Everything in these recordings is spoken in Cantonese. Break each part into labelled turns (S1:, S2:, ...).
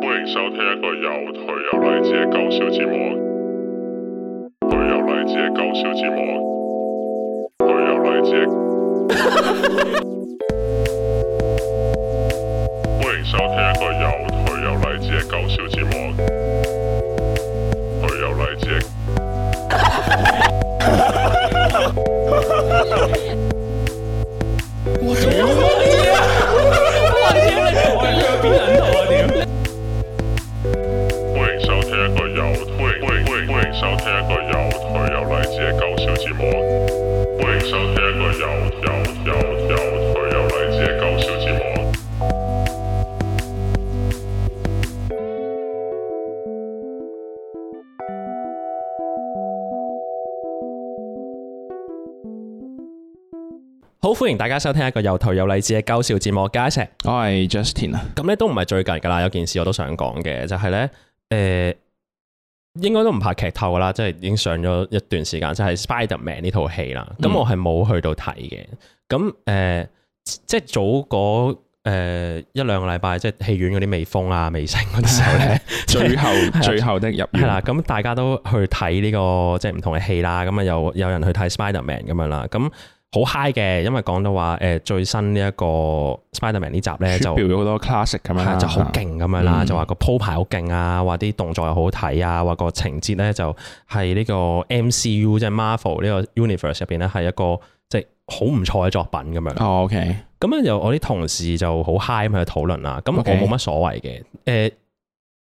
S1: 歡迎收聽一個又頹又勵志嘅搞笑節搞笑節目。
S2: 歡迎大家收聽一個又頹又勵志嘅搞笑節目。阿石，我係 Justin 啊。咁咧都唔係最近噶啦，有件事我都想講嘅，就係、是、咧，誒、呃，應該都唔怕劇透噶啦，即係已經上咗一段時間，就係、是、Spiderman 呢套戲啦。咁我係冇去到睇嘅。咁誒、嗯呃，即係早嗰誒、呃、一兩個禮拜，即係戲院嗰啲未封啊、未成嗰啲時候咧， 最後、 就是、最後的入係啦。咁大家都去睇呢、這個即係唔同嘅戲啦。咁啊，有有人去睇 Spiderman 咁樣啦。咁好 high 嘅，因為講到話誒、呃、最新呢、就是、個 CU, 個一個 Spiderman 呢集咧就表咗好多 classic 咁樣，就好勁咁樣啦，就話個鋪排好勁啊，話啲動作又好睇啊，話個情節咧就係呢個 MCU 即係 Marvel 呢個 universe 入邊咧係一個即係好唔錯嘅作品咁樣。哦，OK。咁樣就我啲同事就好 high 咁去討論啦，咁我冇乜所謂嘅。誒 Okay、呃，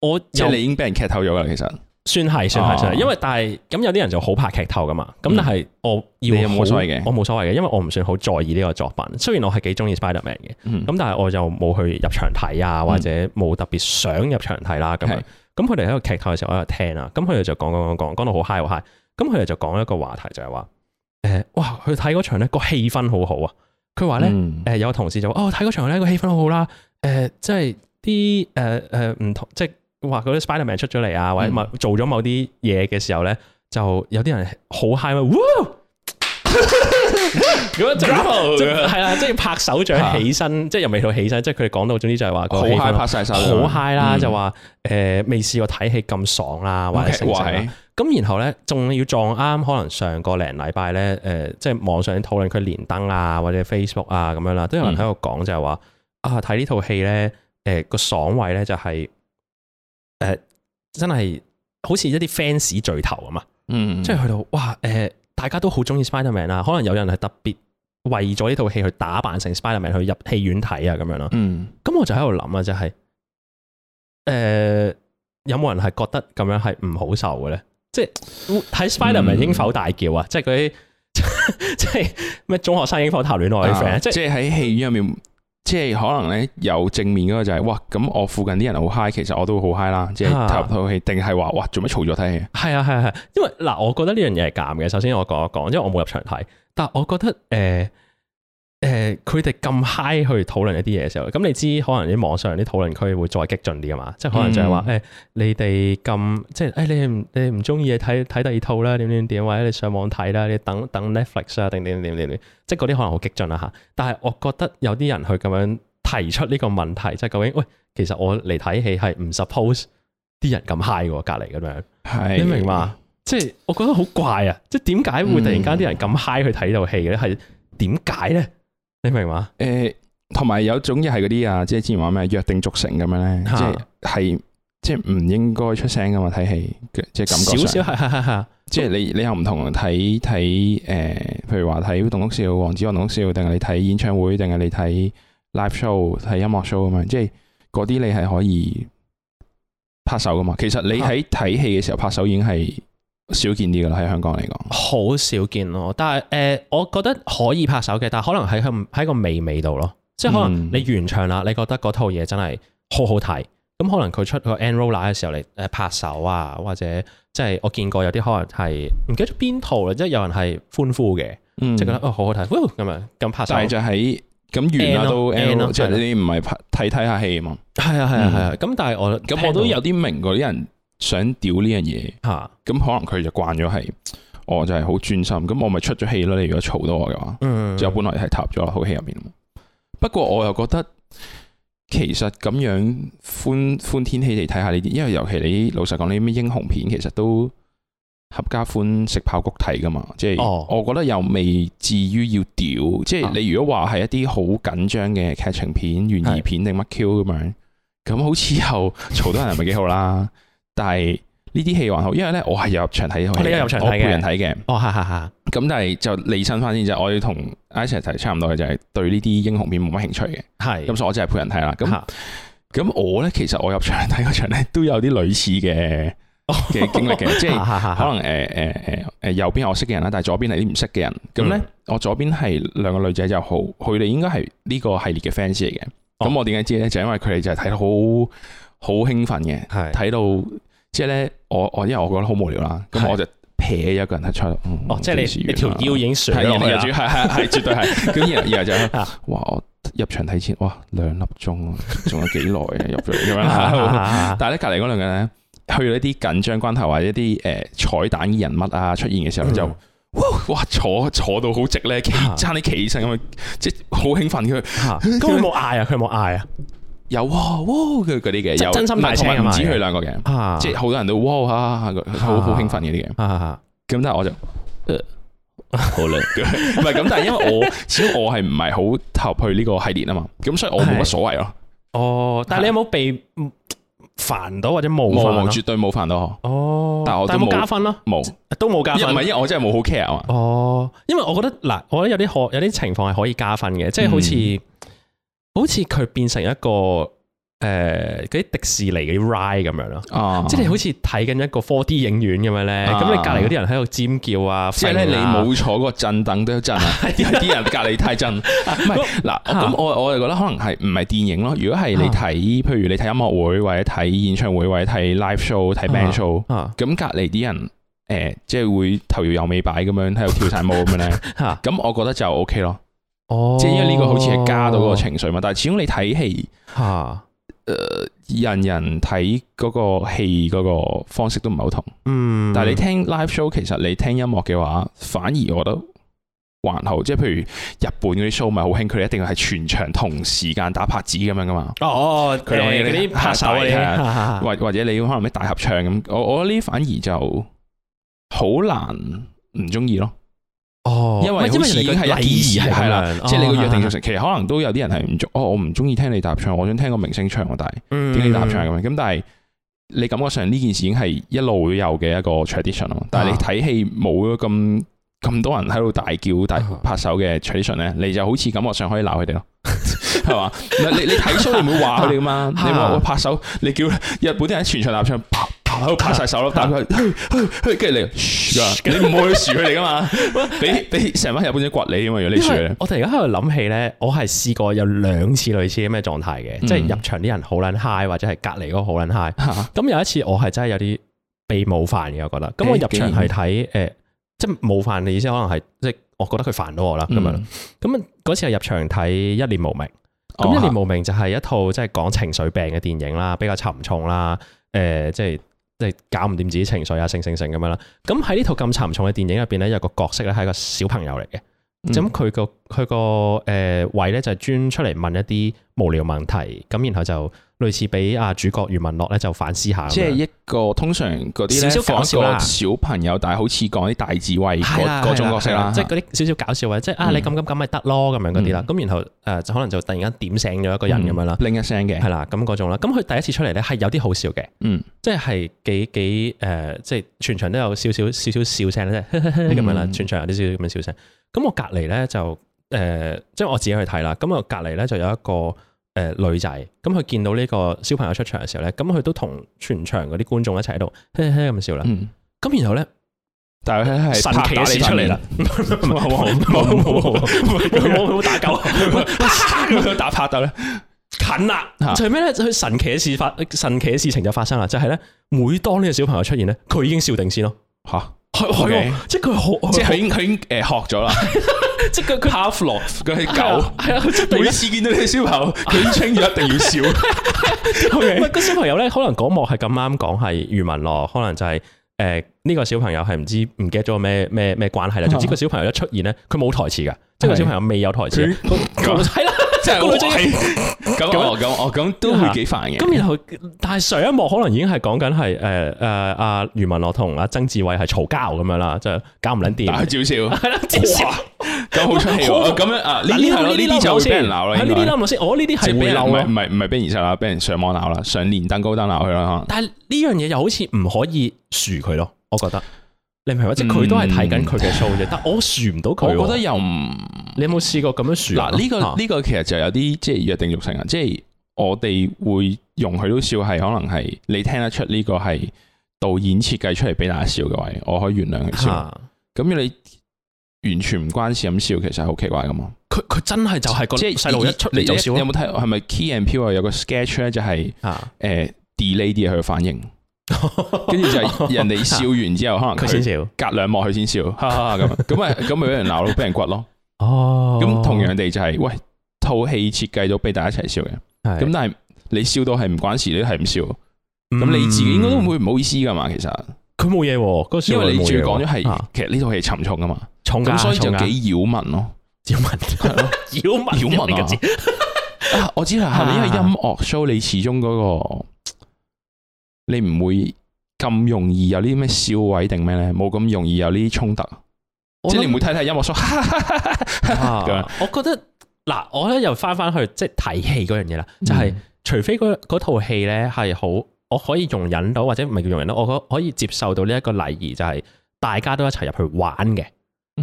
S2: 我就即係你已經俾人 c 透咗啦，其實。算係，算係，算係、哦，因為但係咁有啲人就好怕劇透噶嘛，咁、嗯、但係我要冇所謂嘅，我冇所謂嘅，因為我唔算好在意呢個作品，雖然我係幾中意 Spiderman 嘅，咁、嗯、但係我就冇去入場睇啊，或者冇特別想入場睇啦咁樣。咁佢哋喺度劇透嘅時候我喺度聽啊，咁佢哋就講講講講，講到好 high 好 high，i 咁佢哋就講一個話題就係、是、話，誒、呃，哇，佢睇嗰場咧，個氣氛好好啊。佢話咧，誒、嗯呃，有同事就，哦，睇嗰場咧，個氣氛好好、啊、啦，誒、呃，即係啲，誒、呃，誒，唔同，即係。呃即話嗰啲 Spiderman 出咗嚟啊，或者做咗某啲嘢嘅時候咧，嗯、就有啲人好 high 嘛，咁係啦，即係、 哦、 拍手掌起身，即係又未到起身，即係佢哋講到，總、嗯、之、嗯嗯、就係話好 high 拍晒手，好 high 啦，就話誒未試過睇戲咁爽啦、啊，或者食成咁，然後咧仲要撞啱，可能上個零禮拜咧，誒、呃，即、就、係、是、網上討論佢連登啊，或者 Facebook 啊，咁樣啦，都有人喺度講就係話啊，睇呢套戲咧，誒、呃、個爽位咧就係、是。誒，真係好似一啲 fans 聚頭啊嘛，嗯，即係去到哇，誒、呃，大家都好中意 Spiderman 啦、啊，可能有人係特別為咗呢套戲去打扮成 Spiderman 去入戲院睇啊，咁樣咯、啊，嗯，咁我就喺度諗啊，就係誒，有冇人係覺得咁樣係唔好受嘅咧？即係睇 Spiderman 應否大叫啊？即係嗰啲即係咩、嗯、是 中學生應否談戀愛啲 friend 即係喺戲院入面。即係可能咧，有正面嗰個就係、是，哇！咁我附近啲人好 high，其實我都會好 high 啦，即係透唔透氣？定係話，哇！做乜嘈咗睇戲？係 啊係係、啊，因為嗱，我覺得呢樣嘢係咸嘅。首先我講一講，因為我冇入場睇，但係我覺得誒。呃誒，佢哋咁 high 去討論一啲嘢嘅時候，咁你知可能啲網上啲討論區會再激進啲啊嘛，即係可能就係話誒，你哋咁即係誒、欸，你唔你唔中意睇睇第二套啦，點點點，或者你上網睇啦，你等等 Netflix 啊，定點點點點即係嗰啲可能好激進啊吓。但係我覺得有啲人去咁樣提出呢個問題，即係究竟喂，其實我嚟睇戲係唔 suppose 啲人咁 high 嘅隔籬咁樣，係的你明嘛？即係我覺得好怪啊，即係點解會突然間啲人咁 high 去睇、嗯、呢套戲咧？係點解咧？你明嘛？誒、呃，同埋有，有種嘢，係嗰啲啊，即係之前話咩約定俗成咁樣咧，即係即係唔應該出聲噶嘛？睇戲即係感覺上少少哈哈哈哈即係你你又唔同睇睇誒，譬如話睇棟篤笑、黃子華棟篤笑，定係你睇演唱會，定係你睇 live show、睇音樂 show 咁樣，即係嗰啲你係可以拍手噶嘛？其實你喺睇戲嘅時候拍手已經係。少見啲噶啦，喺香港嚟講，好少見咯。但係誒、呃，我覺得可以拍手嘅，但係可能喺喺個微味道咯，即係可能你完場啦，你覺得嗰套嘢真係好好睇，咁可能佢出個 end roller 嘅時候嚟誒拍手啊，或者即係我見過有啲可能係唔記得咗邊套啦，即係有人係歡呼嘅，嗯、即係覺得哦好好睇，咁樣咁拍手。係就喺咁完啦都 end 即係你唔係拍睇睇下戲啊嘛。係啊係啊係啊，咁但係我咁、嗯、我都聽到 有啲明嗰啲人。想屌呢樣嘢，吓咁、啊、可能佢就慣咗係，我、哦、就係好專心，咁我咪出咗戲咯。你如果嘈到我嘅話，就、嗯、本來係塌咗好戲入面。不過我又覺得，其實咁樣歡歡天喜地睇下呢啲，因為尤其你老實講，呢啲英雄片其實都合家歡食爆谷睇㗎嘛。即係，我覺得又未至於要屌。哦、即係你如果話係一啲好緊張嘅劇情片、懸疑片定乜 Q 咁樣，咁、啊、好似又嘈到人係咪幾好啦？ 但係呢啲戲還好，因為咧我係入場睇，我呢個入場睇嘅，我陪人睇嘅。哦，係係係。咁但係就理順翻先就，我要同阿 Sir 睇差唔多嘅就係對呢啲英雄片冇乜興趣嘅。係，咁所以我就係陪人睇啦。咁咁我咧其實我入場睇嗰場咧都有啲類似嘅嘅經歷嘅，即係可能誒誒誒誒右邊我識嘅人啦，但係左邊係啲唔識嘅人。咁咧我左邊係兩個女仔就好，佢哋應該係呢個系列嘅 fans 嚟嘅。咁我點解知咧？就因為佢哋就係睇好好興奮嘅，係睇到。即係咧，我我因為我覺得好無聊啦，咁我就撇一個人喺出度。哦，即係你你條腰已經垂落去啦。係係係，絕對係。咁然後就話我入場睇前，哇，兩粒鐘，仲有幾耐啊入咗咁樣。但係咧隔離嗰兩個人咧，去到一啲緊張關頭或者一啲誒彩蛋人物啊出現嘅時候就哇，坐坐到好直咧，爭啲企起身咁樣，即係好興奮佢。咁佢冇嗌啊？佢冇嗌啊？有哇，佢嗰啲嘅，即係真心大聲，唔止佢兩個嘅，即係好多人都哇吓，好好興奮嘅啲嘅。咁但係我就好叻，唔係咁，但係因為我，始終我係唔係好投入去呢個系列啊嘛，咁所以我冇乜所謂咯。哦，但係你有冇被煩到或者冒犯？絕對冇煩到。哦，但係冇加分咯，冇，都冇加分。唔係，因為我真係冇好 care 啊。哦，因為我覺得嗱，我覺得有啲可，有啲情況係可以加分嘅，即係好似。好似佢變成一個誒啲、呃、迪士尼嘅 ride 咁樣咯，啊、即係好似睇緊一個 four D 影院咁樣咧。咁、啊、你隔籬嗰啲人喺度尖叫啊，啊即係咧，你冇坐個震凳都震，啲是的 人隔籬太震。唔係嗱，咁我我又覺得可能係唔係電影咯。如果係你睇，啊、譬如你睇音樂會或者睇演唱會或者睇 live show、睇 band show，咁隔籬啲人誒、呃，即係會頭搖又尾擺咁樣喺度跳晒舞咁樣咧。咁 我覺得就 OK 咯。
S3: 哦，即係因為呢個好似係加到個情
S2: 緒嘛，哦、但係始終你睇戲吓，誒哈、呃，人人睇嗰個戲嗰個方式都唔係好同，嗯。但係你聽 live show，其實你聽音樂嘅話，反而我覺得還好。即係譬如日本嗰啲 show 咪好興，佢哋一定要係全場同時間打拍子咁樣噶嘛。
S1: 哦，哦哦，佢哋嗰啲拍手啊，或者你
S2: 看或者你可能咩大合唱咁，我我呢反而就好難唔中意咯。哦，因為好似禮儀係啦，即係你個約定俗成，其實可能都有啲人係唔中，哦，我唔中意聽你搭唱，我想聽個明星唱，但係點解你搭唱咁，咁但係你感覺上呢件事已經係一路都有嘅一個 tradition 咯，但係你睇戲冇咁咁多人喺度大叫大拍手嘅 tradition 咧，你就好似感覺上可以鬧佢哋咯，係嘛？你你睇出你唔會話佢哋噶嘛？你話我拍手，你叫日本啲人全場搭唱。喺度拍曬手咯，但佢跟住嚟，你唔會去噓佢嚟噶嘛，俾俾成班日本人刮你噶嘛，如果你噓佢。我突然間喺度諗起咧，我係試過有兩次類似咁咩狀態嘅，即係入場啲人好撚嗨，或者係隔離嗰個好撚嗨。咁有一次我係真係有啲被冒犯嘅，我覺得。咁我入場係睇誒，即係冒犯嘅意思，可能係即係我覺得佢煩到我啦。咁啊，咁嗰次係入場睇《一念無明》，咁《一念無明》就係一套即係講情緒病嘅電影啦，比較沉重啦，誒，即係。即係搞唔掂自己情緒啊，成成成咁樣啦。咁喺呢套咁沉重嘅電影入邊咧，有個角色咧係一個小朋友嚟嘅。咁佢個佢個誒位咧就係專出嚟問一啲無聊問題。咁然後就。類似俾阿主角余文樂咧就反思下，即係一個通常嗰啲少少講笑嘅小朋友，但係好似講啲大智慧嗰嗰、啊、種角色啦，即係嗰啲少少搞笑位，嗯、即係啊你咁咁咁咪得咯，咁樣嗰啲啦。咁、嗯、然後誒就、呃、可能就突然間點醒咗一個人咁樣啦，另一聲嘅係啦，咁嗰種啦。咁佢第一次出嚟咧係有啲好笑嘅，嗯，即係幾幾誒，即、呃、係全場都有少少少少笑聲咧，咁樣啦，全場有啲少少咁樣笑聲。咁我隔籬咧就誒、呃，即係我自己去睇啦。咁我隔籬咧就有一個。誒，女仔，咁佢見到呢個小朋友出場嘅時候咧，咁佢都同全場嗰啲觀眾一齊喺度嘿嘿咁笑啦。咁然後咧，但係神奇嘅事出嚟啦。好，好，好，好，好，打狗，打拍得咧，近啦。最尾咧，佢神奇嘅事發，神奇嘅事情就發生啦。就係咧，每當呢個小朋友出現咧，佢已經笑定先咯。吓，係，即係佢好，即係佢已經，佢已經誒學咗啦。即佢佢 Pavlov 佢係狗，係啊！啊啊每次見到你小朋友，佢一穿住一定要笑。喂，小剛剛剛就是呃這個小朋友咧，可能嗰幕係咁啱講係余文樂，可能就係誒呢個小朋友係唔知唔記得咗咩咩咩關係啦。總之是的 個小朋友一出現咧，佢冇台詞噶，的即個小朋友未有台詞，
S3: 就係啦。即係咁咁哦咁哦咁都會幾煩嘅。咁然
S2: 後，但係上一幕可能已經係講緊係誒誒阿余文樂同阿曾志偉係嘈交咁樣啦，就係搞唔撚掂。打佢照笑係啦，照笑好出戲啊！咁樣啊，呢啲係呢啲就俾人鬧啦。呢啲諗下先，我呢啲係俾鬧咩？唔係唔係俾人鬧啦，俾人上網鬧啦，上連登高登鬧佢啦。但係呢樣嘢又好似唔可以恕佢咯，我覺得。你唔係嗰隻，佢都係睇緊佢嘅笑啫。數嗯、但我笑唔到佢，啊，我覺得又唔。嗯、你有冇試過咁樣笑？嗱、啊、呢、這個呢、這個其實就有啲即係約定俗成啊。即、就、係、是、我哋會容許到笑，係可能係你聽得出呢個係導演設計出嚟，俾大家笑嘅位，我可以原諒佢笑。咁、啊、你完全唔關事咁笑，其實好奇怪噶嘛。佢佢真係就係個細路一出嚟是以就笑。你有冇睇係咪 Key and Peele 啊？有個 Sketch 咧就係、是、誒、啊呃、Delay 啲嘢去反應。跟住就係人哋笑完之後，可能佢先笑，隔兩幕佢先笑，咁咁啊，咁咪俾人鬧咯，俾人掘咯。
S3: 哦，咁同
S2: 樣地就係，喂，套戲設計咗俾大家一齊笑嘅。咁但係你笑到係唔關事，你係唔笑，
S1: 咁你自己應該都唔會
S2: 唔好意思噶嘛。其實佢冇嘢，因為你主要講咗係，其實呢套戲沉重噶嘛，重咁所以就幾擾民咯，擾民，擾民，擾民嘅字。我知啦，係咪因為音樂 show 你始終嗰個？你唔會咁容易有啲咩笑位定咩咧？冇咁容易有呢啲衝突，我認即係你唔會睇睇音樂 show。我覺得嗱，我咧又翻翻去即係睇戲嗰樣嘢啦，就係、是就是、除非嗰套戲咧係好我可以容忍到，或者唔係叫容忍到，我可可以接受到呢一個禮儀，就係、是、大家都一齊入去玩嘅。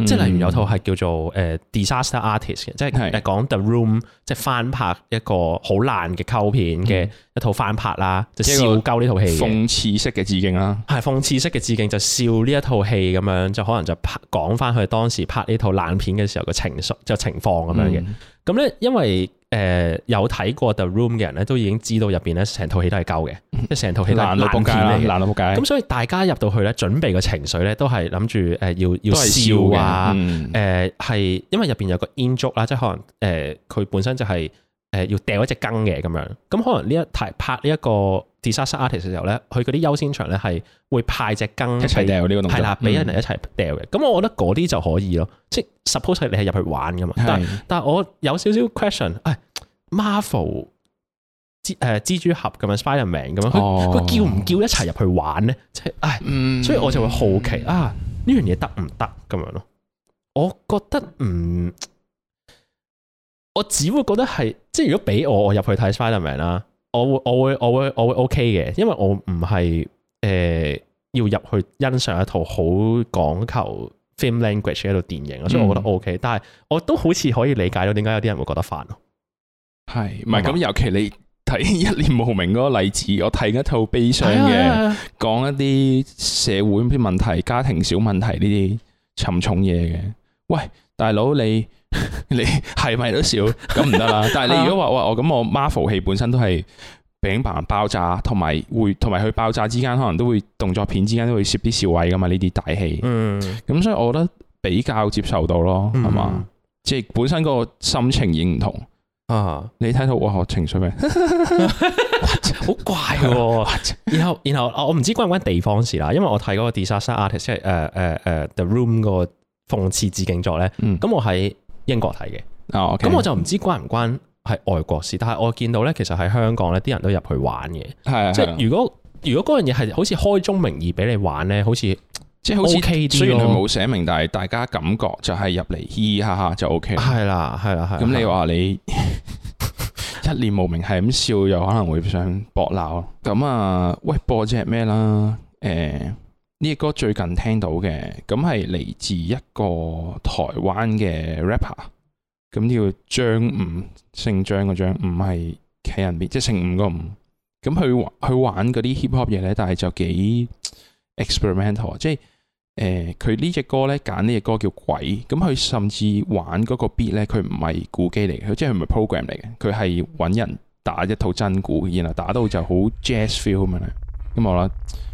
S2: 即係、嗯、例如有套係叫做誒、呃、Disaster Artist 嘅、嗯，即係講 The Room，即係翻拍一個好爛嘅溝片嘅一套翻拍啦，嗯、就笑鳩呢套戲，諷刺式嘅致敬啦、啊，係諷刺式嘅致敬就笑呢一套戲咁樣，就可能就拍講翻佢當時拍呢套爛片嘅時候嘅情緒，就是、情況咁樣嘅。咁咧、嗯、因為。誒、呃，有睇過 The Room 嘅人咧，都已經知道入邊咧成套戲都係膠嘅，即係成套戲都係爛片嚟嘅，咁 所以大家入到去咧，準備嘅情緒咧，都係諗住誒，要要笑啊！誒，係、嗯呃、因為入邊有個 in joke 啦，即係可能誒，佢、呃、本身就係、是。誒，要掉一隻羹嘅咁樣，咁可能呢一排拍呢、這、一個 disaster artist 嘅時候咧，佢嗰啲優先場咧係會派隻羹一齊掉呢個動作，俾人一齊掉嘅。咁、嗯、我覺得嗰啲就可以咯，即係 suppose 你係入去玩噶嘛。是但係但係我有少少 question，誒、哎、Marvel 蜘誒蜘蛛俠咁樣 Spiderman 咁樣，佢佢、哦、叫唔叫一齊入去玩咧？即係、嗯哎，所以我就會好奇、嗯、啊，呢樣嘢得唔得咁樣咯？我覺得唔。我只會覺得係，即係如果俾我我入去睇 Spiderman 啦，我會我會我會我會 OK 嘅，因為我唔係誒要入去欣賞一套好講求 film language 嘅一套電影，嗯、所以我覺得 OK。但係我都好似可以理解到點解有啲人會覺得煩咯。係，唔係咁？是是尤其你睇一念無名嗰個例子，我睇一套悲傷嘅，講、啊、一啲社會啲問題、家庭小問題呢啲沉重嘢嘅，喂。大佬你你係咪都笑？咁唔得啦？但係你如果話 哇我咁我 Marvel 戲本身都係餅棚爆炸，同埋會同埋佢爆炸之間可能都會動作片之間都會攝啲笑位噶嘛呢啲大戲。嗯，咁所以我覺得比較接受到咯，係嘛、嗯？即係本身個心情已經唔同啊！你睇到哇我情緒咩？ 好怪。然後然後我唔知關唔關地方事啦，因為我睇嗰個 Disaster Artist 即係誒誒誒 The Room 嗰個。諷刺致敬作咧，咁、嗯、我喺英國睇嘅，咁、哦 okay, 嗯、我就唔知關唔關係外國事，但係我見到咧，其實喺香港咧，啲人都入去玩嘅，是的 即係如果的如果嗰樣嘢係好似開宗明義俾你玩咧，好似即係 OK 啲、哦、雖然佢冇寫明，但係大家感覺就係入嚟嘻嘻哈哈，就 OK。係啦，係啦，咁你話你的 一念無明，係咁笑又可能會想搏鬧，咁 啊喂，播隻咩啦？誒、欸。呢隻歌最近聽到嘅，咁係嚟自一個台灣嘅 rapper，咁叫張伍，B, 姓張嗰張唔係企人邊，即係姓伍個伍。咁佢去玩嗰啲 hip hop 嘢咧，但係就幾 experimental 即係誒，佢、呃、呢隻歌咧，揀呢隻歌叫《鬼》，咁佢甚至玩嗰個 beat 咧，佢唔係鼓機嚟嘅，佢即係唔係 program 嚟嘅，佢係揾人打一套真鼓，然後打到就好 jazz feel 咁樣咧。咁我咧。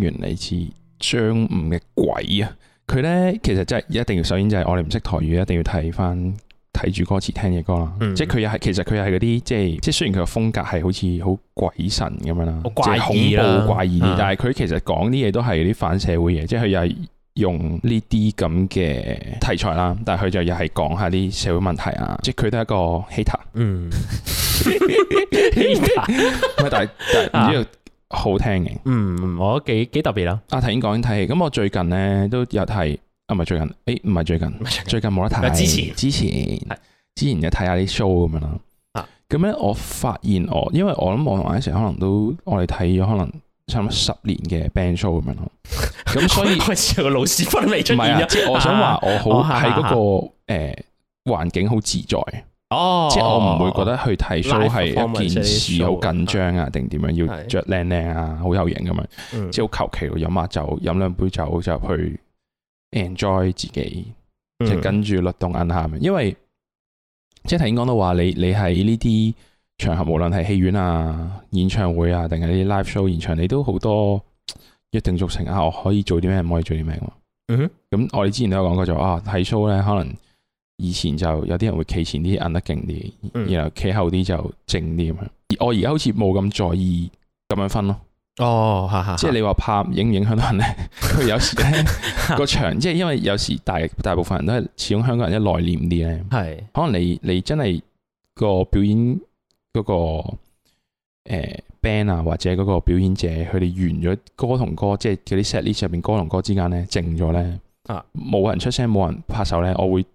S2: 原嚟似張伍嘅鬼啊！佢咧其實真係一定要首先就係我哋唔識台語，一定要睇翻睇住歌詞聽嘅歌啦。即係佢又係其實佢又係嗰啲，即係即係雖然佢嘅風格係好似好鬼神咁樣啦，即係好怪、好恐怖、好怪異。但係佢其實講啲嘢都係啲反社會嘢，即係佢又係用呢啲咁嘅題材啦。但係佢就又係講下啲社會問題啊。即係佢都係一個 hater，嗯，但係但係你要。好聽嘅，嗯，我都幾幾特別咯、啊。啊頭先講緊睇戲，咁我最近咧都有睇，啊唔係最近，誒唔係最近，最近冇得睇。之前之前的之前有睇下啲 show 咁、啊、樣啦。咁咧我發現我，因為我諗我同阿 s 可能都我哋睇咗可能差唔多十年嘅 band show 咁樣咯。咁所以開始 個老師分離出現。唔係啊，我想話我好喺嗰個誒環境好自在。哦，oh, 即係我唔會覺得去睇 show 係 live performance 件事好緊張啊，定點、uh, 樣要着靚靚啊，好、uh, 有型咁樣，uh, 即係好求其。飲下酒，飲兩杯酒就去 enjoy 自己，uh huh. 即跟住律動 u n 因為即係頭先講到話，你你喺呢啲場合，無論係戲院啊、演唱會啊，定係啲 live show 現場，你都好多一定俗程啊，我可以做啲咩，唔可以做啲咩。嗯、uh，咁、huh. 我哋之前都有講過就啊，睇 show 咧可能。以前就有啲人會企前啲，摁得勁啲，嗯、然後企後啲就靜啲咁樣。而我而家好似冇咁在意咁樣分咯。哦，嚇嚇，即係你話怕影唔影響到人咧？佢 有時咧呢 個場，即係因為有時大大部分人都係始終香港人一內斂啲咧。係是，可能你你真係個表演嗰、嗰個、呃、band 啊，或者嗰個表演者，佢哋完咗歌同歌，即係嗰啲 set list 入邊歌同歌之間咧靜咗咧，呢啊冇人出聲，冇人拍手咧，我會。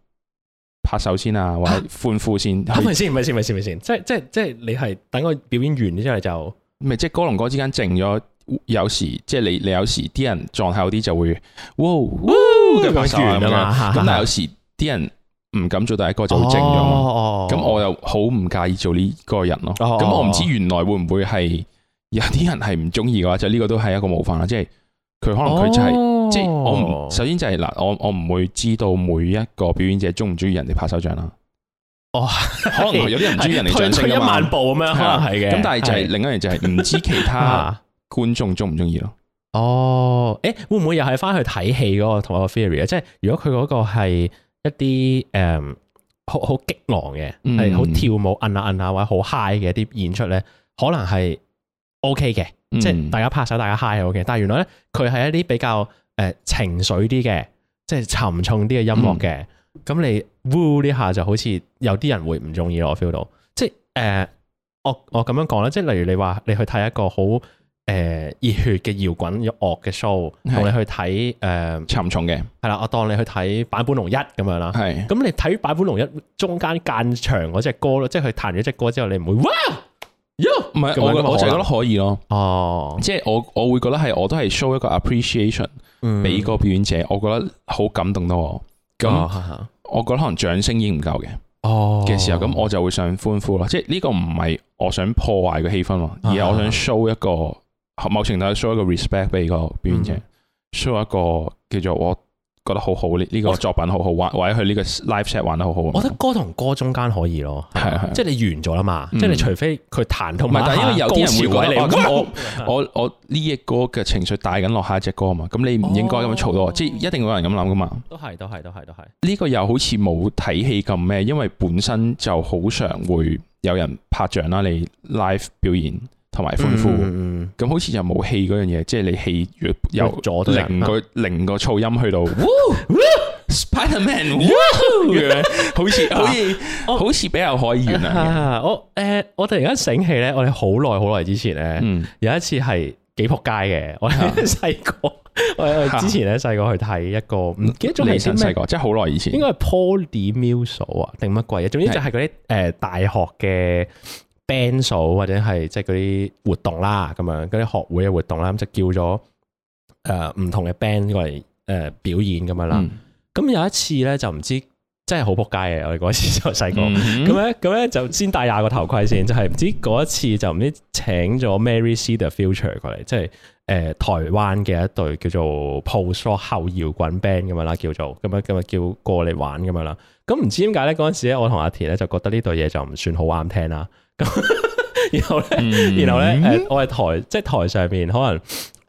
S2: 拍手先啊，啊或者歡呼先，係咪先？咪先去？咪先？咪先？即係即係即係，你係等我表演完之後就，咪即係歌同歌之間靜咗，有時即係你你有時啲人狀態好啲就會，哇咁樣咁樣，但係有時啲人唔敢做第一個就會靜咁，咁、哦、我又好唔介意做呢個人咯、啊。咁、哦、我唔知原來會唔會係有啲人係唔中意嘅話，就呢個都係一個模範啦，即係佢可能佢就係、哦。即我首先就係、是、嗱，我我唔會知道每一個表演者中唔中意人哋拍手掌啦。
S3: 哦 可，可能有啲人唔中意人哋掌聲啊嘛。退一萬步咁樣，可能係嘅。咁但係就係另一樣就係唔知其他
S2: 觀眾中唔中意咯。哦，誒、欸，會唔會又係翻去睇戲嗰個同一個 theory 啊？即係如果佢嗰個係一啲誒好好激昂嘅，係好、嗯、跳舞，摁下摁下或者好 high 嘅一啲演出咧，可能係 OK 嘅，嗯、即係大家拍手，大家 high 係 OK。但係原來咧，佢係一啲比較。誒、呃，情緒啲嘅，即係沉重啲嘅音樂嘅，咁、嗯、你嗚呢下就好似有啲人會唔中意咯，我 feel 到，即係誒、呃，我我咁樣講啦，即係例如你話你去睇一個好誒熱血嘅搖滾樂嘅 show，同是你去睇誒、呃、沉重嘅，係啦，我當你去睇坂本龍一咁樣啦，係是，咁你睇坂本龍一中間間場嗰隻歌咯，即係佢彈咗隻歌之後你，你唔會哇。唔係，我就覺得可以咯。哦，即係我我會覺得係，我都係 show 一個 appreciation，俾、嗯、個表演者，我覺得好感動到我。咁，我覺得可能掌聲已經唔夠嘅。
S3: 哦，嘅時
S2: 候咁，我就會想歡呼咯。即係呢個唔係我想破壞嘅氣氛，而係我想 show 一個某程度上 show 一個 respect 俾個表演者、嗯、，show 一個叫做我。覺得好好呢呢個作品好玩玩好，玩或者佢呢個 live set 玩得好好。我覺得歌同歌中間可以咯，是是即係你完咗啦嘛，嗯、即係你除非佢彈。同埋，但係因為有啲人會話、哦哦、我 我我我呢一歌嘅情緒帶緊落下一隻歌啊、哦、嘛，咁你唔應該咁樣嘈咯，即係一定會有人咁諗噶嘛。都係都係都係都係。呢個又好似冇睇戲咁咩？因為本身就好常會有人拍掌啦，你 live 表演。同埋歡呼，咁好似又冇氣嗰樣嘢，即係你氣又有咗零個零個噪音，去到 Spiderman 好似好似好似比較可以啊！我誒，我突然間醒起咧，我哋好耐好耐之前咧，有一次係幾撲街嘅，我係細個，我之前咧細個去睇一個唔記得咗係啲咩，即係好耐以前，應該係 Poly Musical 啊定乜鬼啊？總之就係嗰啲誒大學嘅。band 數或者係即係嗰啲活動啦，咁樣嗰啲學會嘅活動啦，咁就叫咗誒唔同嘅 band 過嚟誒、呃、表演咁樣啦。咁、嗯、有一次咧就唔知真係好撲街嘅，我哋嗰次就細個咁咧，咁咧、嗯、就先戴廿個頭盔先，就係、是、唔知嗰一次就唔知請咗 Mary See the Future 過嚟，即係誒、呃、台灣嘅一隊叫做 post 後搖滾 band 咁樣啦，叫做咁樣咁樣叫過嚟玩咁樣啦。咁唔知點解咧嗰陣時咧，我同阿田咧就覺得呢對嘢就唔算好啱聽啦。咁 然後咧呢，嗯、然後咧、呃，我係台即係台上面可能誒誒、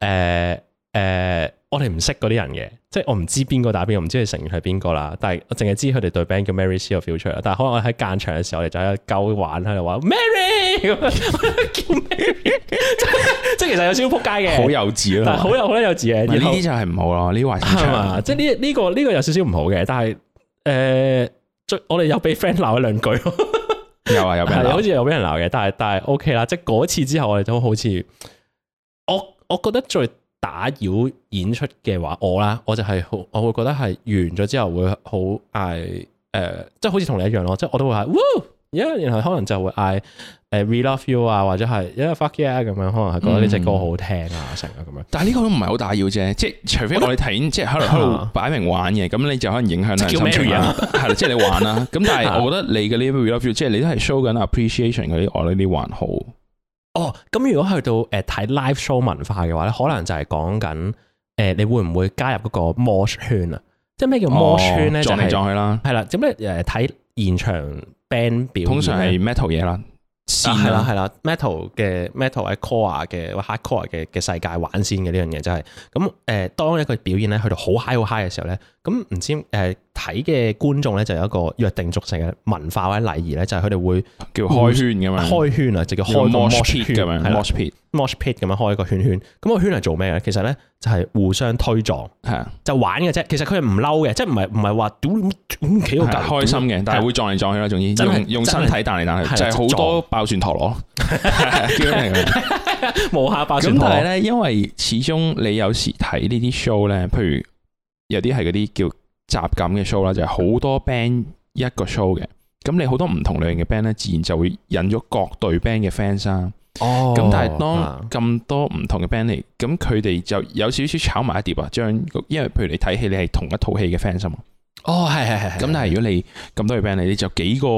S2: 呃呃，我哋唔識嗰啲人嘅，即係我唔知邊個打邊個，我唔知佢成員係邊個啦。但係我淨係知佢哋對 band 叫 Mary See the Future 啦。但係可能我喺間場嘅時候，我哋就喺度鳩玩喺度話 Mary，咁樣叫即係其實有少少撲街嘅，好幼稚咯，但係好有好有幼稚嘅。呢啲就係唔好咯，呢啲話係嘛，即係呢呢個呢個有少少唔好嘅。但係誒，我哋又俾 friend 鬧一兩句。 有啊，有俾人係，好似有俾人鬧嘅，但係但係 OK 啦，即係嗰次之後我哋都好似，我我覺得最打擾演出嘅話我啦，我就係、是、好，我會覺得係完咗之後會、呃、好嗌誒，即係好似同你一樣咯，即係我都會嗌，而家、yeah、然後可能就會嗌。誒 we love you 啊，或者係，因，yeah，為 fuck yeah 咁樣，可能係覺得呢隻歌好聽啊，成啊咁樣。等等嗯，但係呢個都唔係好打擾啫，即係除非我哋睇，的即係可能擺明玩嘅，咁你就可能影響咧心情啦，啊。係即係，啊 就是，你玩啦，啊。咁但係，我覺得你嘅呢，這個 we love y 即係你都係 show 緊 appreciation 嗰啲，我呢啲還好。哦，咁如果去到誒睇，呃、live show 文化嘅話咧，可能就係講緊誒，你會唔會加入嗰個 mosh 圈啊？即係咩叫 mosh 圈咧，哦？撞嚟撞去啦。係啦，就是，做咩誒睇現場 band 表？通常係 metal 嘢啦。先係啦，係啦，metal 嘅 metal 喺 core 嘅 hard core 嘅嘅世界玩先嘅呢樣嘢，就係咁誒，當一個表演咧去到好 high 好 high 嘅時候咧。咁唔知誒睇嘅觀眾咧，就有一個約定俗成嘅文化或者禮儀咧，就係佢哋會叫開圈咁嘛，開圈啊，就叫開 mosh pit 咁樣，mosh pit mosh pit 咁樣開一個圈圈。咁個圈係做咩咧？其實咧就係互相推撞，係啊，就玩嘅啫。其實佢係唔嬲嘅，即係唔係唔係話屌你咁企喎架，開心嘅，但係會撞嚟撞去啦，仲要用用身體彈嚟彈去，就係好多爆旋陀螺，無下爆旋陀螺。咁但係咧，因為始終你有時睇呢啲 show 咧，譬如，有啲係嗰啲叫集錦嘅 show 啦，就係好多 band 一個 show 嘅，咁你好多唔同類型嘅 band 咧，自然就會引咗各隊 band 嘅 fans。哦，咁但係當咁多唔同嘅 band 嚟，咁佢哋就有少少炒埋一碟啊，將因為譬如你睇戲，你係同一套戲嘅 fans 啊嘛。哦，係係係。咁但係如果你咁多嘅 band 嚟，你就幾個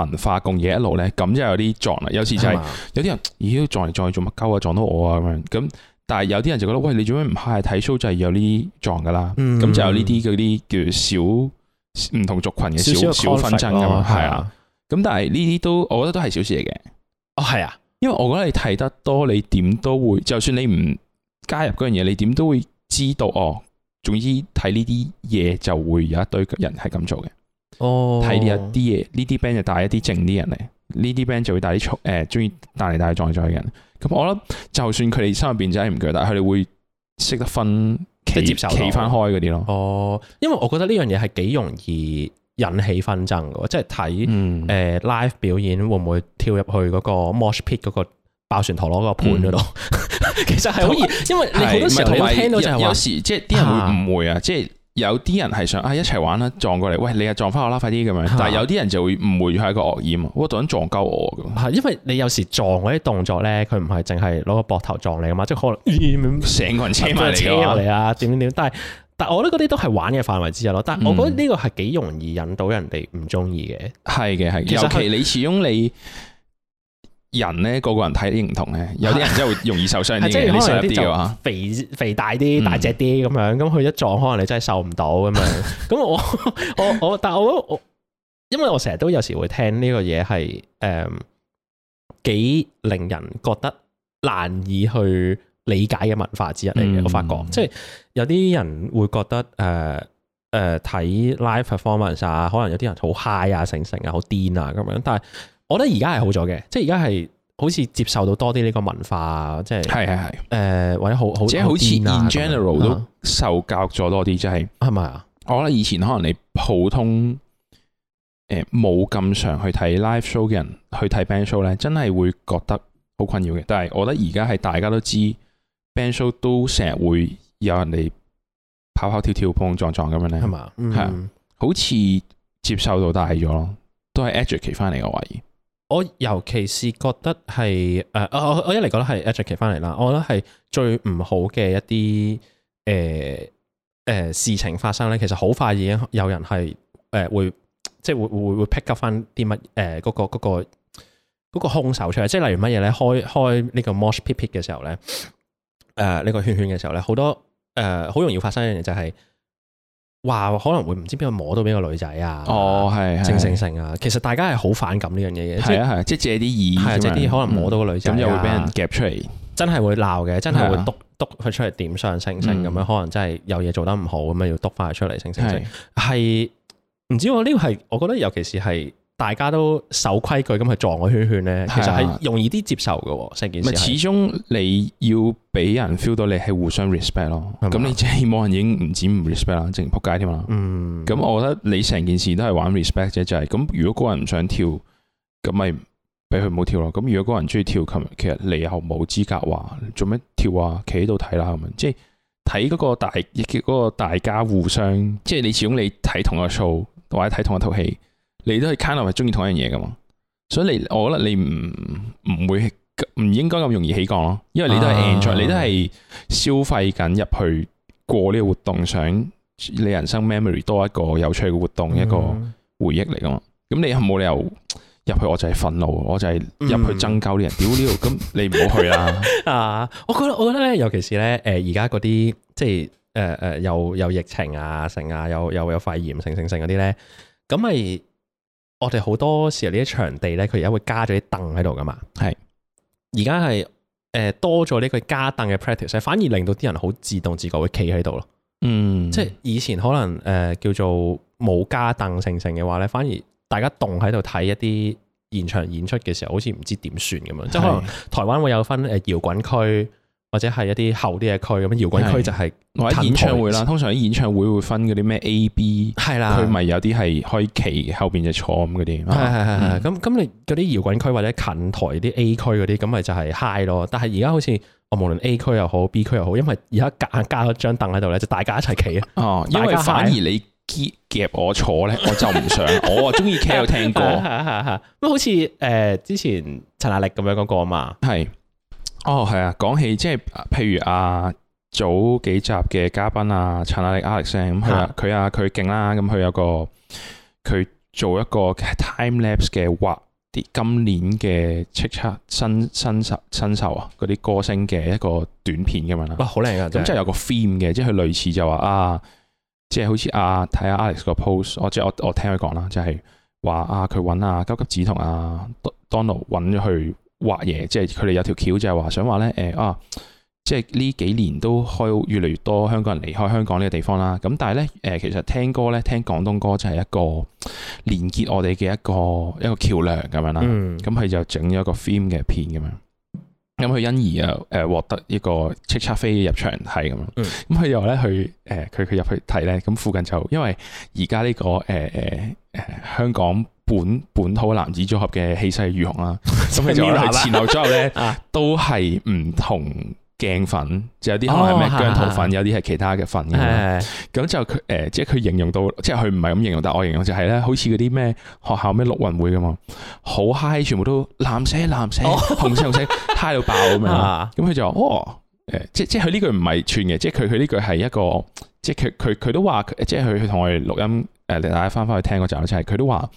S2: 文化共嘢一路咧，咁就有啲撞啦。有時就係有啲人，咦嗎撞嚟撞去做乜鳩啊？撞到我啊咁。但係有啲人就覺得，喂，你做咩唔係睇 show 就係有呢啲狀噶啦？咁、嗯、就有呢啲嗰啲叫做小唔同族群嘅小小紛爭噶嘛，係啊。咁但係呢啲都，我覺得都係小事嚟嘅。哦，係啊，因為我覺得你睇得多，你點都會，就算你唔加入嗰樣嘢，你點都會知道哦。總之睇呢啲嘢就會有一堆人係咁做嘅。哦，睇一啲嘢，呢啲 band 就帶一啲靜啲人嚟。呢啲 band 就會帶啲誒，中意帶嚟帶去撞嚟撞去嘅人。咁我諗，就算佢哋心入邊真係唔夠，但係佢哋會識得分，即接受企分開嗰啲咯。哦、呃，因為我覺得呢樣嘢係幾容易引起紛爭嘅，即係睇誒 live 表演會唔會跳入去嗰個 mosh pit 嗰個爆旋陀螺嗰個盤嗰度。嗯、 其實係好易，嗯、因為你好多時候聽到就係有，有時即係啲人會誤會啊，即係、啊。有啲人係想啊一齊玩啦撞過嚟，喂你啊撞翻我啦快啲咁樣，但係有啲人就會誤會係一個惡言啊，我想撞鳩我噶。係因為你有時撞嗰啲動作咧，佢唔係淨係攞個膊頭撞你噶嘛，即係可能成、呃、個人車埋嚟啊，點點點。但係但係我覺得嗰啲都係玩嘅範圍之內咯。但係我覺得呢個係幾容易引到人哋唔中意嘅。係嘅係，尤其你始終你。人咧個個人睇啲唔同嘅，有啲人真係會容易受傷啲嘅，啲細啲嘅肥肥大啲、大隻啲咁樣，咁佢一撞可能你真係受唔到咁樣。咁、嗯、我我我，但係我覺我，因為我成日都有時會聽呢個嘢係誒幾令人覺得難以去理解嘅文化之一嚟嘅。嗯、我發覺即係有啲人會覺得誒誒睇 live performance 啊，可能有啲人好 high 啊、成成啊、好癲啊咁樣，但係。我覺得而家係好咗嘅，即係而家係好似接受到多啲呢個文化，即係係係係，誒係係、呃、或者好好即係好似、啊、in general 係嘛都受教育咗多啲，即係係咪啊？我覺得以前可能你普通誒冇咁常去睇 live show 嘅人去睇 band show 咧，真係會覺得好困擾嘅。但係我覺得而家係大家都知 band show 都成日會有人哋跑跑跳跳、碰撞撞咁樣咧，係嘛？係啊，好似接受到大咗咯，都係 educate 翻嚟嘅懷疑。我尤其是覺得係誒、呃，我我一嚟覺得係 Jackie 翻嚟啦，我覺得係最唔好嘅一啲誒誒事情發生咧，其實好快已經有人係誒、呃、會即係會會會 pick up 翻啲乜誒嗰個嗰、嗰個、嗰個空手出嚟，即係例如乜嘢咧，開開呢個 mosh pit pit 嘅時候咧，誒、呃、呢、呢個圈圈嘅時候咧，好多誒好、呃、容易發生一樣嘢就係、是。話可能會唔知邊個摸到邊個女仔啊？哦，係，正性性啊！其實大家係好反感呢樣嘢嘅，係啊係，即係借啲意，係借啲可能摸到個女仔，咁就會俾人夾出嚟，真係會鬧嘅，真係會督督佢出嚟點上星星咁樣，可能真係有嘢做得唔好咁樣要督翻佢出嚟，星星星係唔知我呢個係，我覺得尤其是係。大家都守規矩咁去撞個圈圈咧，其實係容易啲接受嘅。成、啊、件事，始終你要俾人 feel 到你係互相 respect 咯。咁吧你即係冇人已經唔止唔 respect 啦，仲仆街添啊。咁、嗯、我覺得你成件事都係玩 respect 啫，就係、是、咁。如果個人唔想跳，咁咪俾佢唔好跳咯。咁如果個人中意跳，琴，其實你又冇資格話做咩跳啊？企喺度睇啦，係咪？即係睇嗰個大，叫嗰大家互相，即係你始終你睇同一個 show 或者睇同一套戲，你都係 kind of 中意同一樣嘢噶嘛？所以你我覺得你唔唔會唔應該咁容易起降咯，因為你都係 entertain 你都係消費緊入去過呢個活動，想你人生 memory 多一個有趣嘅活動，嗯、一個回憶嚟噶嘛？咁你係冇理由入去我就係憤怒，我就係入去爭鳩啲人，屌呢度，咁你唔好去啦。 啊，我覺得我覺得咧，尤其是咧，誒而家嗰啲即係誒誒又又疫情啊成啊，又又有，有，有肺炎性性性嗰啲咧，咁係。我哋好多時候呢啲場地咧，佢而家會加咗啲凳喺度噶嘛？係是，而家係誒多咗呢個加凳嘅 practice，反而令到啲人好自動自覺會企喺度咯。嗯，即係以前可能誒、呃、叫做冇加凳成成嘅話咧，反而大家動喺度睇一啲現場演出嘅時候，好似唔知點算咁樣。是即係可能台灣會有分誒搖滾區。或者係一啲後啲嘅區咁，搖滾區就係我睇演唱會啦。通常啲演唱會會分嗰啲咩 A、B 係啦，佢咪有啲係開企後邊就坐咁嗰啲。係係係係咁咁，你嗰啲搖滾區或者近台啲 A 區嗰啲，咁咪就係 high 咯。但係而家好似我無論 A 區又好 B 區又好，因為而家夾硬加咗張凳喺度咧，就大家一齊企啊。哦，因為反而你夾我坐咧，我就唔想。我啊中意企又聽歌。係係係咁，好似誒之前陳大力咁樣嗰個啊嘛。係。哦，係啊、oh, yeah！講起即係，譬如啊，早幾集嘅嘉賓啊，陳亞力 Alex 咁、啊，佢、嗯、啊佢勁啦，咁佢有個佢做一個 time lapse 嘅畫啲今年嘅叱咤新新新秀啊，嗰啲歌星嘅一個短片咁樣啦。哇，好靚啊！咁即係有個 theme 嘅，即係佢類似就話啊，即、就、係、是、好似啊，睇下 Alex 個 post 我即係我我聽佢講啦，就係、是、話啊，佢揾啊，急急子同啊，Donald 揾咗去。話嘢，即係佢哋有條橋，就係、是、話想話咧，誒、呃、啊，即係呢幾年都開越嚟越多香港人離開香港呢個地方啦。咁但係咧，誒、呃、其實聽歌咧，聽廣東歌就係一個連結我哋嘅一個一個橋梁咁樣啦。咁佢、嗯、就整咗一個 film 嘅片咁樣。咁佢因而啊，誒獲得呢個叱咤飛入場係咁樣，咁佢、嗯、又咧去誒，佢佢入去睇咧，咁附近就因為而家呢個誒誒誒香港本本土男子組合嘅氣勢如虹啦，咁佢就係前後左右咧都係唔同。鏡粉，就有啲可能咩姜濤粉，噢有啲係其他嘅粉嘅。咁噢就佢誒、呃，即係佢形容到，即係佢唔係咁形容，但係我形容就係、是、咧，好似嗰啲咩學校咩陸運會咁啊，好嗨，全部都藍色藍色，噢紅色，色噢紅色 high 噢到爆咁樣，咁佢噢就哦，誒、呃，即即係呢句唔係串嘅，即係佢佢呢句係一個，即係佢佢佢都話，即係佢佢同我哋錄音誒、呃，大家翻翻去聽嗰陣就係佢都話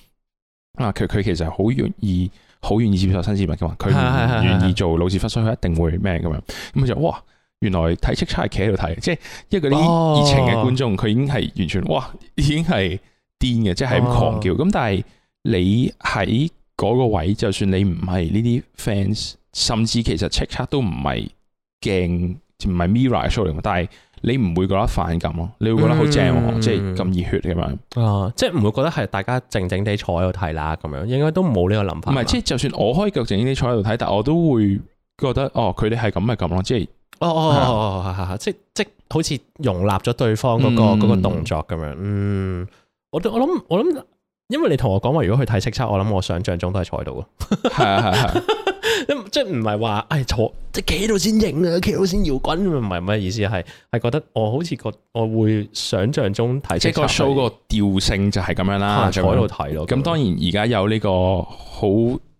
S2: 啊，佢佢其實好願意。」好願意接受新事物嘅嘛？佢唔願意做老字窟，所以佢一定會咩咁樣。咁佢 就哇，原來睇叱咤 e 係企喺度睇，即係因為啲熱情嘅觀眾，佢、oh. 已經係完全哇，已經係癲嘅，即係咁狂叫。咁、oh. 但係你喺嗰個位，就算你唔係呢啲 fans，甚至其實叱咤都唔係鏡，唔係 mirror 嘅 show 嚟，但係。你唔會覺得反感咯，你會覺得好正喎，嗯、即係咁熱血嘅嘛。啊，即係唔會覺得係大家靜靜地坐喺度睇啦，咁樣應該都冇呢個諗法。唔係，即係就算我開腳靜靜地坐喺度睇，但我都會覺得哦，佢哋係咁咪咁咯，即係哦哦、啊啊啊啊啊、即係即係好似容納咗對方嗰、那個嗰、嗯、動作咁樣。嗯，我我諗我諗，因為你同我講話，如果去睇《叱咤》，我諗我想象中都係坐喺度 啊。啊係啊。 即即唔係話，哎坐即企喺度先影啊，企到先搖滾，唔係乜意思，係係覺得我好似覺，我會想像中睇即個 show、啊、後個調性就係咁樣啦，坐喺度睇咯，咁當然而家有呢個好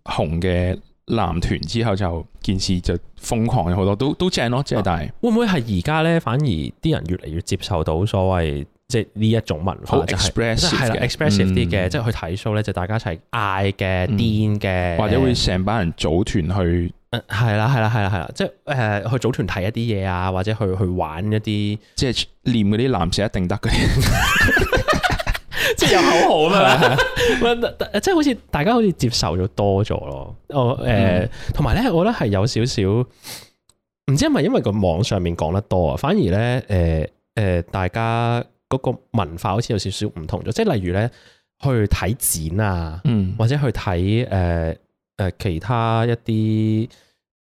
S2: 紅嘅男團之後，就件事就瘋狂咗好多，都都正咯，即係、啊、但係是會唔會係而家咧，反而啲人越嚟越接受到所謂？即係呢一種文化就係係，嗯、即係係啦 expressive 啲嘅，即係去睇 show 咧，就大家一齊嗌嘅，癲嘅，或者會成班人組團去。係啦、嗯，係啦，係啦，係啦，即係誒去組團睇一啲嘢啊，或者去去玩一啲，即係念嗰啲男士一定得嗰啲， 即係又好好啦。即係好似大家好似接受咗多咗咯。我誒、嗯欸，同埋咧，我覺得係有少少，唔知係咪因為個網上面講得多啊？反而咧，誒、呃、誒，大家，呃，大家。嗰個文化好似有少少唔同咗，即係例如咧，去睇展啊，嗯、或者去睇誒誒其他一啲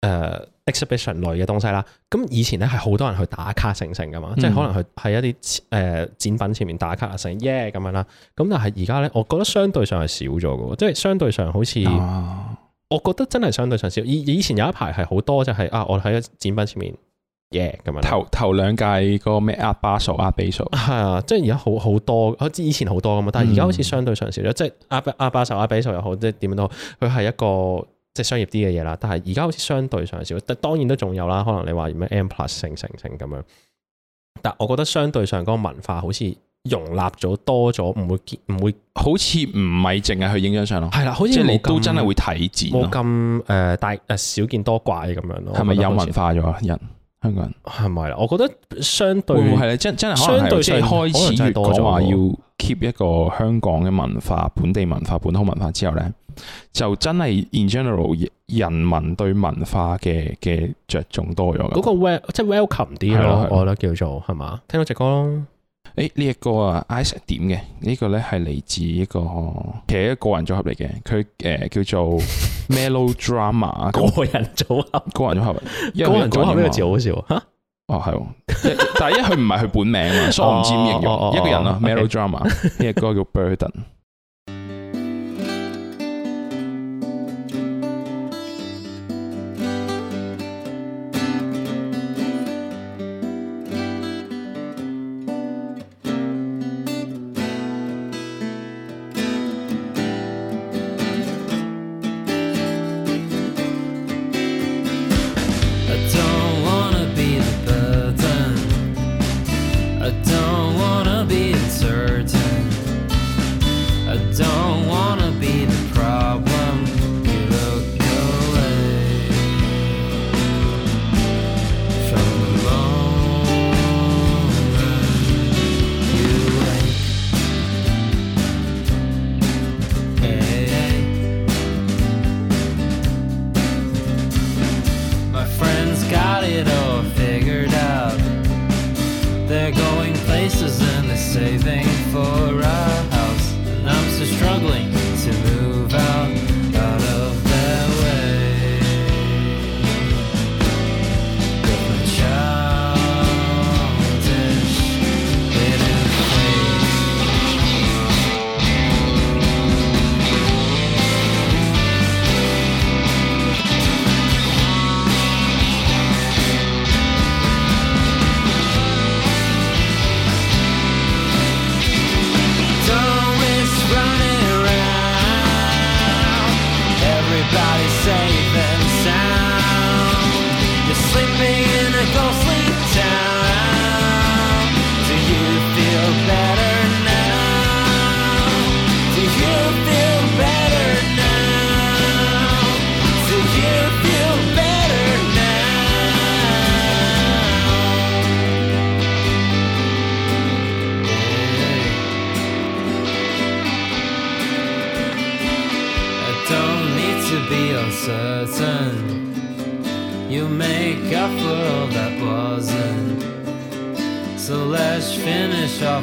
S2: 誒 exhibition 類嘅東西啦。咁以前咧係好多人去打卡成成嘅嘛，嗯、即係可能去喺一啲誒、呃、展品前面打卡啊，成耶 e 咁樣啦。咁但係而家咧，我覺得相對上係少咗嘅，即係相對上好似、哦、我覺得真係相對上少。以以前有一排係好多就係、是、啊，我喺一展品前面。嘅咁樣，頭頭兩屆個咩阿巴索阿比索係啊，即係而家好好多，好似以前好多咁嘛，但係而家好似相對上少咗，嗯、即係阿阿巴索阿比索又好，即係點樣都好，佢係一個即係商業啲嘅嘢啦。但係而家好似相對上少，但係當然都仲有啦。可能你話咩 M plus 成成成咁樣，但我覺得相對上嗰個文化好似容納咗多咗，唔、嗯、會唔會好似唔係淨係去影張相咯。係啦、啊，好似你都真係會睇字，冇咁誒大誒少見多怪咁樣咯。係咪有文化咗人？香港人，係咪啦？我覺得相對係咧，真真係相對即係開始越講話要 keep 一個香港嘅文化、本地文化、本土文化之後咧，就真係 in general 人民對文化嘅嘅着重多咗。嗰個 wel 即係 welcome 啲咯，了是我覺得叫做係嘛？聽多隻歌咯。誒呢一個啊，Ice 點嘅呢個咧係嚟自一個其實一個，個人組合嚟嘅，佢誒、呃、叫做 Mellowdrama 個人組合， 個人組合，個人組合呢個字好笑嚇，啊係喎，但係因為佢唔係佢本名啊，所以唔知點形容一個人啊，Mellowdrama 呢隻歌叫 Burden。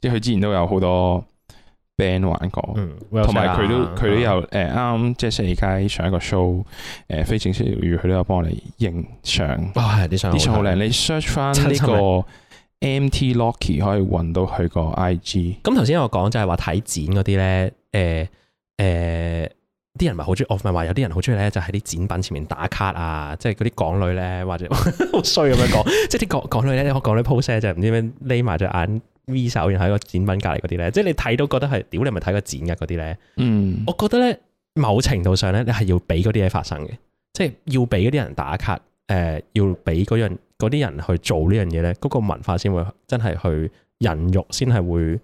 S2: 即係佢之前都有好多 band 玩過，同埋佢都佢都有誒啱啱即係四街上一個 show 誒非正式語，佢都有幫我哋影相。啊係啲相啲相好靚，你 search 翻呢個 M T Locky 可以搵到佢個 I G。咁頭先我講就係話睇展嗰啲咧，誒誒，啲人咪係好中，我唔係話有啲人好中意咧，就喺啲展品前面打卡啊，即係嗰啲港女咧，或者好衰咁樣講，即係啲港港女咧，啲港啲 pose 就唔知咩，匿埋隻眼。V 手然後喺個展品隔籬嗰啲咧，即係你睇到覺得係，屌你咪睇個展嘅嗰啲咧？嗯，我覺得咧，某程度上咧，你係要俾嗰啲嘢發生嘅，即係要俾嗰啲人打卡，誒、呃，要俾嗰樣啲人去做呢樣嘢咧，嗰、嗰個文化先會真係去孕育，先係會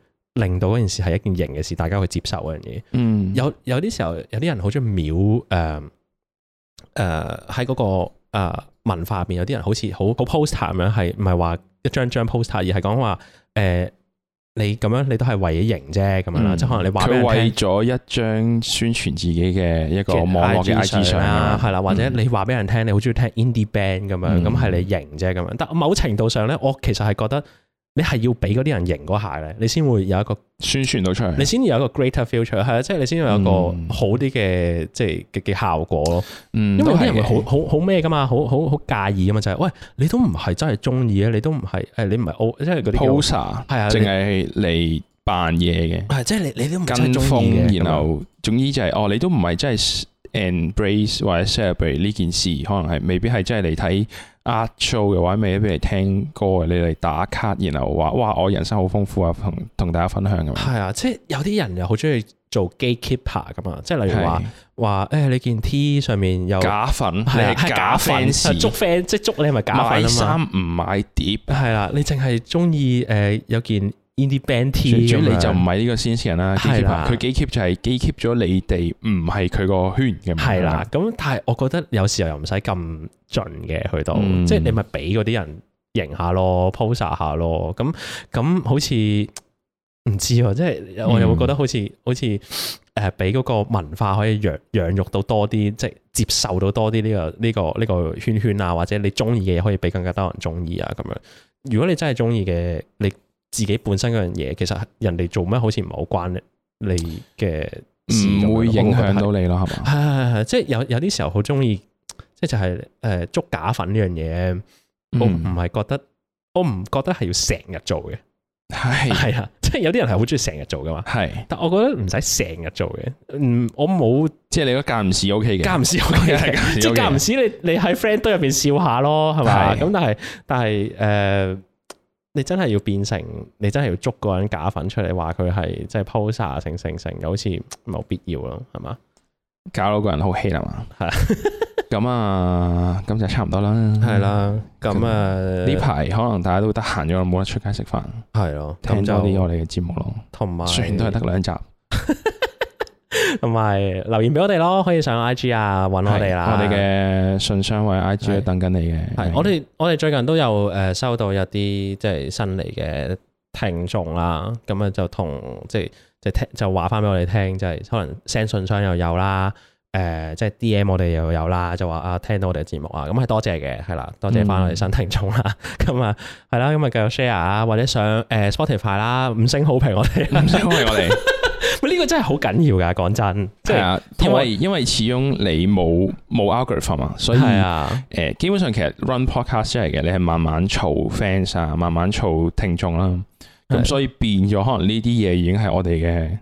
S2: 令到嗰件事係一件型嘅事，大家去接受嗰樣嘢。嗯，有有啲時候有啲人、呃呃那個呃、人好中意秒誒誒喺嗰個誒文化入邊，有啲人好似好好 poster 咁樣，係唔係話？一張張 poster，而係講話誒，你咁樣你都係為咗型啫咁樣啦，嗯、即係可能你話俾人聽，佢為咗一張宣傳自己嘅一個網絡嘅 IG 上啦，係啦、嗯嗯嗯，或者你話俾人聽，你好中意聽 indie band 咁樣，咁係你型啫咁樣，但某程度上咧，我其實係覺得。你係要俾嗰啲人型嗰下咧，你先會有一個宣傳到出嚟，你先有一個 greater future，係啊，即、就、係、是、你先有一個好啲嘅，即係嘅嘅效果咯。嗯，因為啲人會、嗯、好好好咩噶嘛，好好好介意噶嘛，就係、是、喂，你都唔係真係中意啊，你都唔係誒，你唔係我即係嗰啲 poster，係啊，淨係嚟扮嘢嘅，即係你你都唔真中意，然後總之就係、是、麼哦，你都唔係真係 embrace 或者 celebrate 呢件事，可能係未必係真係嚟睇。壓軸嘅話，未必俾你聽歌，你嚟打卡，然後話，哇，我人生好豐富啊，同同大家分享咁。係啊，即係有啲人又好中意做 gatekeeper 噶嘛，即係例如話，話誒是、哎，你件 T 上面有假粉，係、啊、假粉，fans 捉 fan，即係捉你係咪假粉買衫唔買碟，係啦、啊，你淨係中意誒，有件。in the band T 啊嘛，主要你就唔係呢個先知人啦，佢的 keep 就係 keep 咗你哋唔係佢個圈嘅，係啦的。咁樣但係我覺得有時候又唔使咁盡嘅去到，即係、嗯、你咪俾嗰啲人型下咯，pose 下咯。咁咁好似唔知，即、就、係、是、我又會覺得好似、嗯、好似誒俾嗰個文化可以養養育到多啲，即、就、係、是、接受到多啲呢、這個呢、這個呢、這個這個圈圈啊，或者你中意嘅嘢可以俾更加多人中意啊咁樣。如果你真係中意嘅你。自己本身嗰樣嘢，其實人哋做咩好似唔係好關你嘅，唔會影響到你咯，係嘛？ 係係係，即係有有啲時候好中意，即係就係誒捉假粉呢樣嘢，呃嗯、我唔係覺得，我唔覺得係要成日做嘅，係係啊，即係有啲人係好中意成日做噶嘛，係是，但我覺得唔使成日做嘅，嗯，我冇、OK OK，即係你隔唔時 O K 嘅，隔唔時 O K 嘅，即係隔唔時你你喺 friend 堆入邊笑下咯，係咪？咁是但係但係誒。呃你真係要變成，你真係要捉個人假粉出嚟話佢係即係 po 晒成成成，好似冇必要咯，係嘛？搞到個人好氣啦嘛，係。咁啊，咁就差唔多啦，係啦。咁、嗯、啊，呢排那可能大家都得閒咗，冇得出街食飯，係咯的，聽多啲我哋嘅節目咯，同埋，全部都係得兩集。 同埋留言俾我哋咯，可以上 I G 啊，揾我哋啦。我哋嘅信箱或者 I G 都等緊你嘅。係我哋我哋最近都有誒收到一啲即係新嚟嘅聽眾啦，咁啊就同即係即係聽就話翻俾我哋聽，即係可能 send 信箱又有啦，誒即係 D M 我哋又有啦，就話啊聽到我哋嘅節目啊，咁係多謝嘅，係啦，多謝翻我哋新聽眾啦，咁啊係啦，咁啊繼續 share 啊，或者上誒、呃、Spotify 啦，五星好評我哋，五星好評我哋。 呢個真係好緊要㗎，講真，即係因為因為始終你冇冇 algorithm 啊，alg m, 所以誒是、啊呃，基本上其實 run podcast 出嚟嘅，你係慢慢嘈 fans 啊，慢慢嘈聽眾啦、
S1: 啊，咁是、啊、所以
S2: 變咗可能呢啲嘢已經係我哋嘅。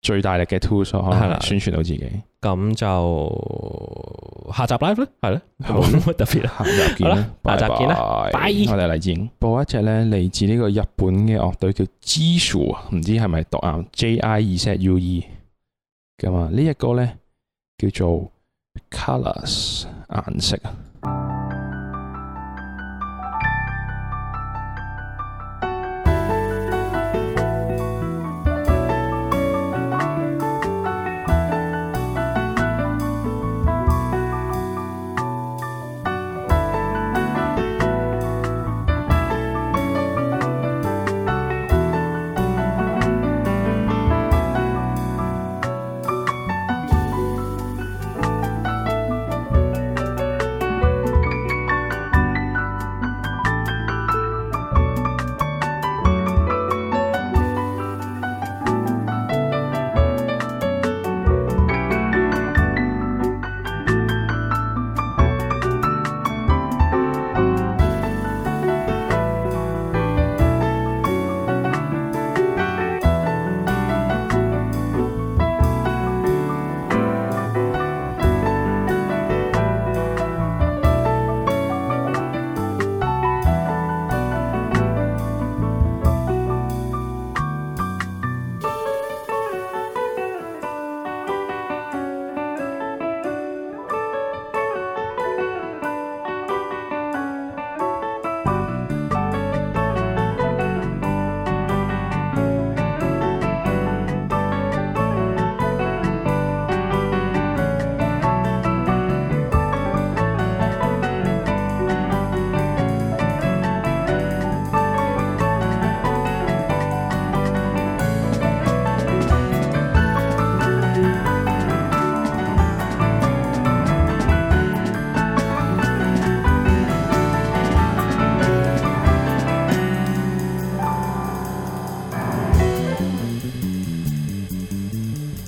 S2: 最大力嘅 tool，可能宣傳到自己。咁就下集 live 咧，係咧冇乜特別啦。好啦，下集見啦， 的拜拜。拜拜。拜拜我哋嚟，自播一隻咧，嚟自呢個日本嘅樂隊叫 G u, 知是是 j i 啊，唔知係咪讀啊 J I Z U E。咁啊，呢一個咧叫做 Colours，顏色啊。